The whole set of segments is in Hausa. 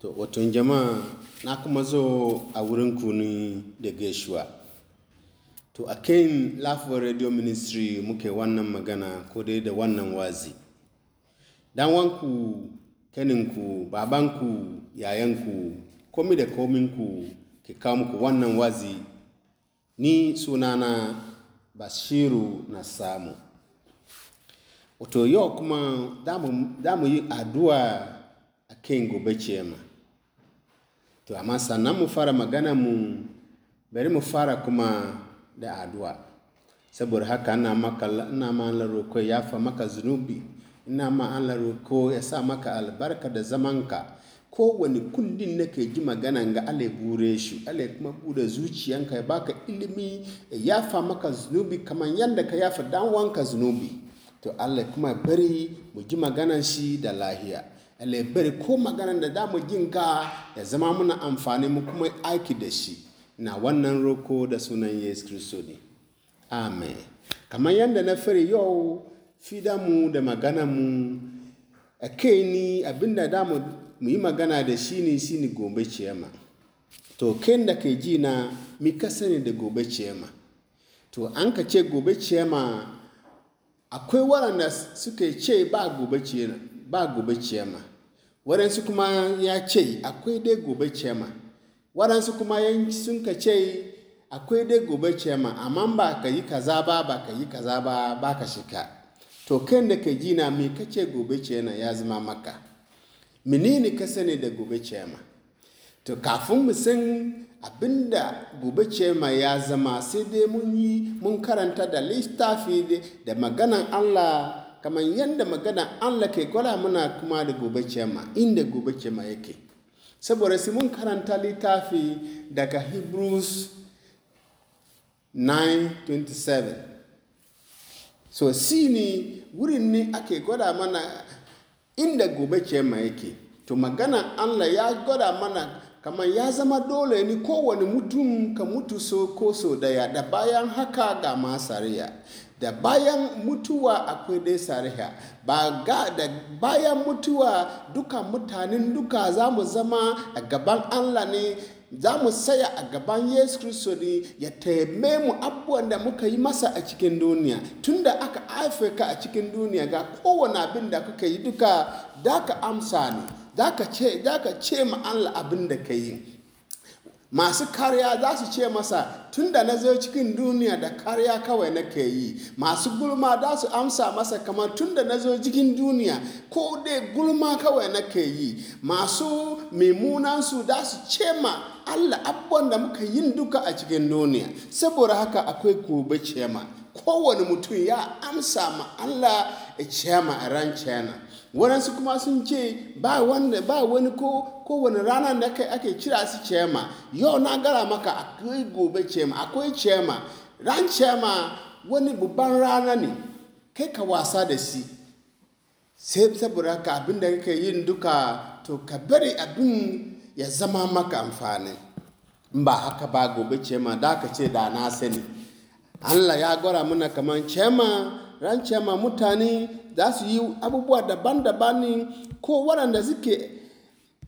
To, wato jama'a na kuma zo a wurin kuni da gaishuwa. To, a kan Lafuwar Radio Ministry muke wannan magana ko dai da wannan wazi. Dan wanku kaninku, babanku, yayanku, komi da kominku ke kawo muku wannan wazi. Ni sunana Bashiru na samu. Wato yau kuma damu yi addu'a a kan gobe cema. to amma sannan mu fara magana mu bari mu fara kuma da addu'a saboda haka ina maka ina ma an laroko ya fa maka zunubi ina ma an laroko ya sa maka albarka da zamanka kowane na ke ji magana ga ale bure shi ale kuma bude zuciyanka ya baka ilimi ya fa maka zunubi kamar yadda ka yafa fa danwanka zunubi to Allah kuma bari mu ji maganan shi da lahiya Allah ko maganar da damu ginka ya zama muna amfani mu kuma aiki da shi na wannan roko da sunan Yesu Kristo ne amen kamar yadda na fere yau fida mu da magana mu a kai ni abinda damu mu magana da shi ne shi ne gobe ciyama to kai da kai ji na mi sani da gobe ciyama to an ka ce gobe ciyama akwai waɗanda suka ce ba gobe ciyama waɗansu kuma ya ce akwai dai gobe cema waɗansu kuma sun ka ce akwai dai gobe cema amma ba ka yi kaza ba ba ka yi kaza ba ba ka shika to kan da ka jina mai ka ce gobe cema ya zama maka menene ka sani da gobe cema to kafin mu san abinda gobe cema ya zama sai dai mun yi mun karanta da littafi da maganan Allah kamar yadda magana Allah ke gwada muna kuma da gobe cema inda gobe cema yake saboda sai mun karanta littafi daga Hebrews 9:27 so si ne wurin ne ake gwada mana inda gobe cema yake to magana Allah ya gwada mana kamar ya zama dole ne kowane mutum ka mutu so ko so daya da bayan haka ga masariya da bayan mutuwa akwai dai sariha ba ga da bayan mutuwa duka mutanen duka za mu zama a gaban allah ne za mu saya a gaban yesu kristo ne ya taime mu abubuwan da muka yi masa a cikin duniya tunda aka haife a cikin duniya ga kowane abin da kuka yi duka da ka amsa ne da ka ce ma allah abin da ka yi masu kariya za su ce masa tun da na zo cikin duniya da kariya kawai nake yi masu gulma za su amsa masa kamar tun da na zo cikin duniya ko dai gulma kawai nake yi masu mimunansu za su ce ma allah abubuwan da muka yin duka a cikin duniya saboda haka akwai gobe ce ma kowane mutum ya amsa ma Allah a ciyama a ran ciyana waɗansu kuma sun ce ba wani ko kowane rana da ake cira su cema yau na gara maka akwai gobe ciyama akwai cema ran ciyama wani babban rana ne kai ka wasa da si sai saboda ka abin da kake yin duka to ka bari abin ya zama maka amfani ba haka ba gobe ciyama da ka ce da na sani Allah ya gwara mana kamar cema ran cema mutane za su yi abubuwa daban-daban ne ko waɗanda suke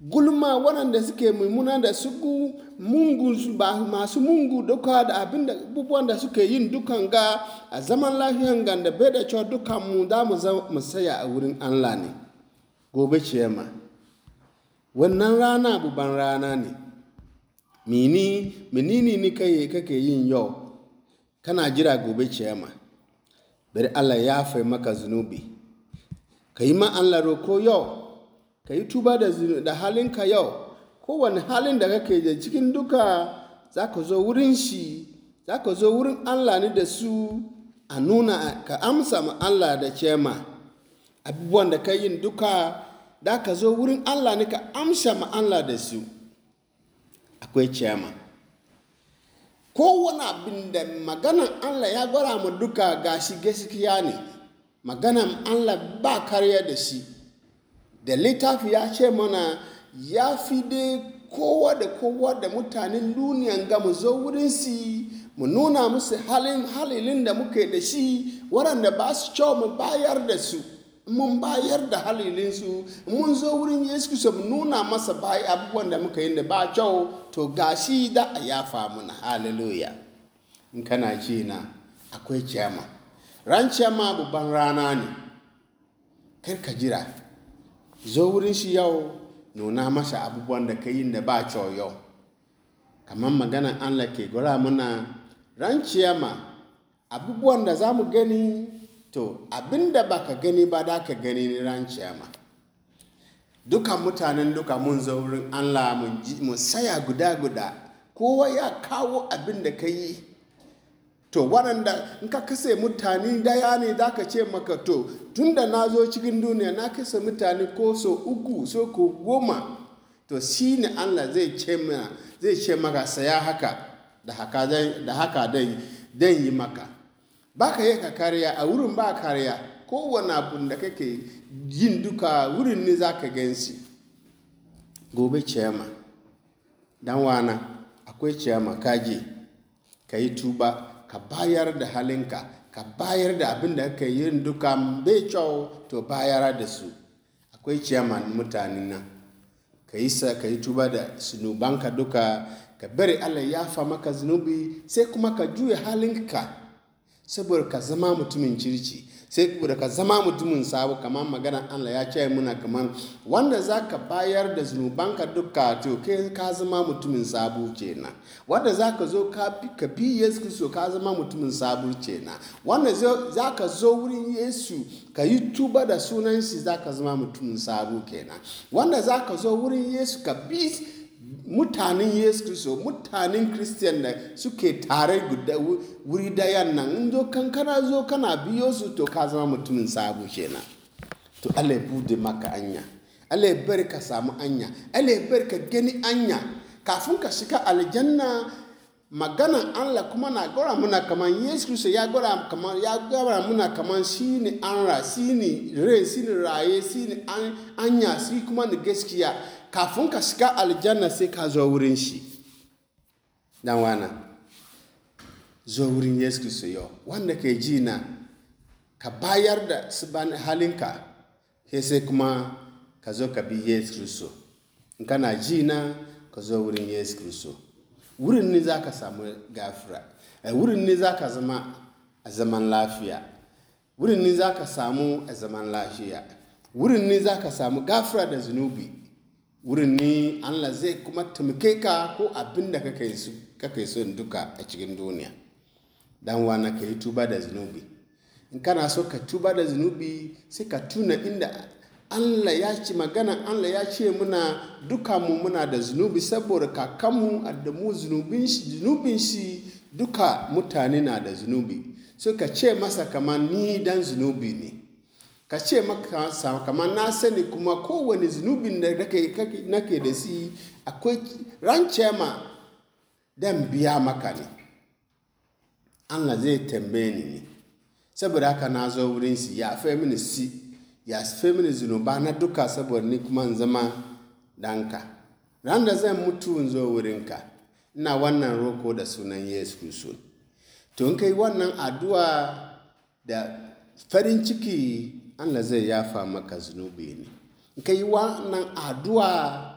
gulma waɗanda suke mummuna da suku mungu ba masu mungu duka da abin da abubuwan da suke yin dukan ga a zaman lafiyan ga da bai da cewa dukan mu da mu saya a wurin Allah ne gobe ciyama wannan rana buban rana ne mini mini ne kai kake yin yau kana jira gobe ciyama bari Allah ya fai maka zunubi ka yi ma roko yau ka yi tuba da halinka yau kowane halin da kake da cikin duka za ka zo wurin shi za ka zo wurin Allah ne da su a nuna ka amsa ma Allah da cema abubuwan da ka yin duka da ka zo wurin Allah ne ka amsa ma Allah da su akwai ma. kowane abin da maganan Allah ya gwara mu duka gashi gaskiya ne maganan Allah ba karya da shi da littafi ya ce mana ya fi dai kowa da kowa da mutanen duniyan ga mu zo wurin si mu nuna musu halin halilin da muke da shi waɗanda ba su cewa mu bayar da su mun bayar da halilinsu mun zo wurin yesu kristo mu nuna masa bayi abubuwan da muka yi da ba kyau to gashi da a yafa muna hallelujah in kana ce na akwai ciyama ran ciyama babban rana ne kar ka jira zo wurin shi yau nuna masa abubuwan da ka yi da ba kyau yau kamar maganan allah ke gura muna ran ciyama abubuwan da za mu gani to abinda da ba ka gani ba da ka gani ran ciyama dukan mutanen duka mun zo wurin allah mun saya guda guda kowa ya kawo abinda da ka yi to waɗanda in ka kase mutane daya ne za ka ce maka to tun da na zo cikin duniya na kasa mutane ko so uku so ko goma to shi ne allah zai ce zai ce maka saya haka da haka dan yi maka ba ka yi kariya a wurin ba kariya kowane abun da kake yin duka wurin ne za ka gansi gobe ciyama dan wana akwai ciyama kaje ka yi tuba ka bayar da halinka ka bayar da abin da kake yin duka bai kyau to bayara da su akwai ciyama mutane nan ka yi sa ka yi tuba da sunubanka duka ka bari allah ya fa maka zunubi sai kuma ka juya halinka saboda ka zama mutumin kirki sai da ka zama mutumin sabo kamar magana Allah ya ce muna kamar wanda za ka bayar da zunubanka duka to kai ka zama mutumin sabo kenan wanda za ka zo ka bi Yesu Kristo ka zama mutumin sabo kenan wanda za ka zo wurin Yesu ka yi tuba da sunan shi za ka zama mutumin sabo kenan wanda za ka zo wurin Yesu ka bi mutanen yesu kristo mutanen christian da suke tare guda wuri dayan nan in zo kankana zo kana biyo su to ka zama mutumin sabu kenan to allah ya bude maka anya allah ya bari ka samu anya allah bari ka gani anya kafin ka shiga aljanna maganan Allah kuma na gwara muna kaman Yesu Kristo ya gwara kaman ya gwara muna kaman shine an ra ne rai ne raye shine an anya shi kuma ne gaskiya kafin ka shiga aljanna sai ka zo wurin shi dan wana zo wurin Yesu Kristo yau wanda ke ji na ka bayar da halinka sai kuma ka zo ka bi Yesu Kristo in kana ji na ka zo wurin Yesu Kristo wurin ne za ka samu gafira eh, wurin ne za ka zama a zaman lafiya wurin ne za ka samu a zaman lafiya wurin ne za ka samu gafira da zunubi wurin ne allah zai kuma tumke ka ko abin da kake so duka a cikin duniya dan wana ka yi tuba da zunubi in kana so ka tuba da zunubi sai ka tuna inda Allah ya ci magana Allah ya ce muna duka mu muna da zunubi saboda kakanmu da zunubin zunubin shi duka mutane na da zunubi suka so, ce masa kamar ni dan zunubi ne ka ce maka kamar na sani kuma kowane zunubin da nake da si akwai rance ma dan biya maka ne Allah zai tambaye ni ne saboda haka na zo wurin si ya fa mini si ya sifemi ni zunuba na duka saboda ni kuma zama danka ran da zan mutu in zo wurinka ina wannan roko da sunan yesu kristo to in kai wannan addu'a da farin ciki allah zai yafa maka zunubi ne in kai wannan addu'a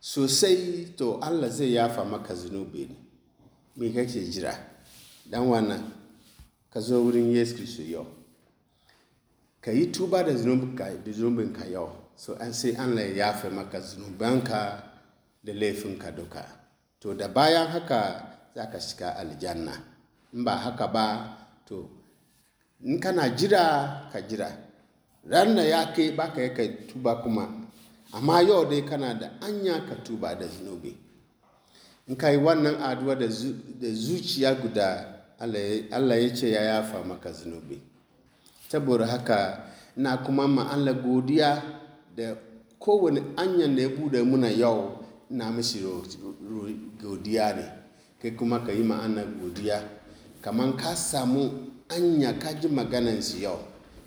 sosai to allah zai yafa maka zunubi ne me kake jira dan wannan ka zo wurin yesu kristo yau ka yi tuba da zunubinka yau so an sai allah ya fi maka zunubanka da laifinka duka to da bayan haka za ka shiga aljanna in ba haka ba to in kana jira ka jira ran da ya kai ba ka kai tuba kuma amma yau dai kana da anya ka tuba da zunubi in ka yi wannan aduwa da zuciya guda allah ya ce ya yafa maka zunubi saboda haka na kuma ma godiya da kowane anyan da ya bude muna yau na mishi godiya ne kai kuma ka yi ma godiya kamar ka samu anya ka ji maganan shi yau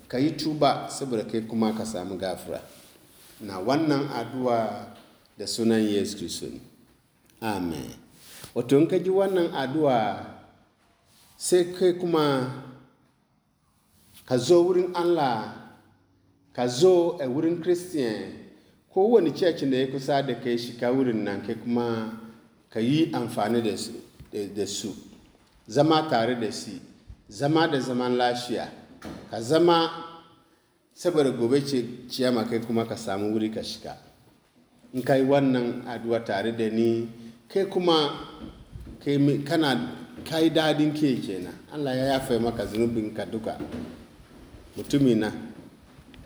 ka yi tuba saboda kai kuma ka samu gafura na wannan addu'a da sunan yesu kristo ne amen wato in ka ji wannan addu'a sai kai kuma ka zo wurin Allah ka zo a eh, wurin Christian kowane cecin da ya kusa da kai shika wurin nan kai kuma ka yi amfani da su zama tare da su zama da zaman lafiya ka zama saboda gobe ce ciyama kai kuma ka samu wuri ka shiga in ka yi wannan aduwa tare da ni kai kuma kai kana kai dadin ke kenan Allah ya yafe maka zunubinka duka mutumina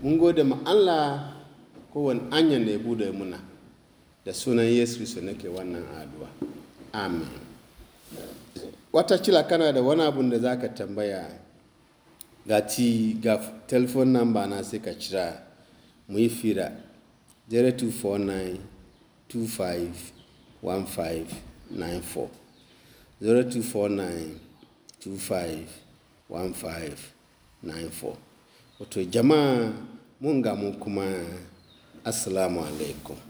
mun gode ma Allah kowane anya da ya bude muna da sunan Yesu su nake wannan addu'a amen wata cila kana da wani abun da za ka tambaya ga ti ga telefon number na sai ka cira mu yi fira 0249 0249 25 15 94 wato jama'a mun ga mu kuma assalamu alaikum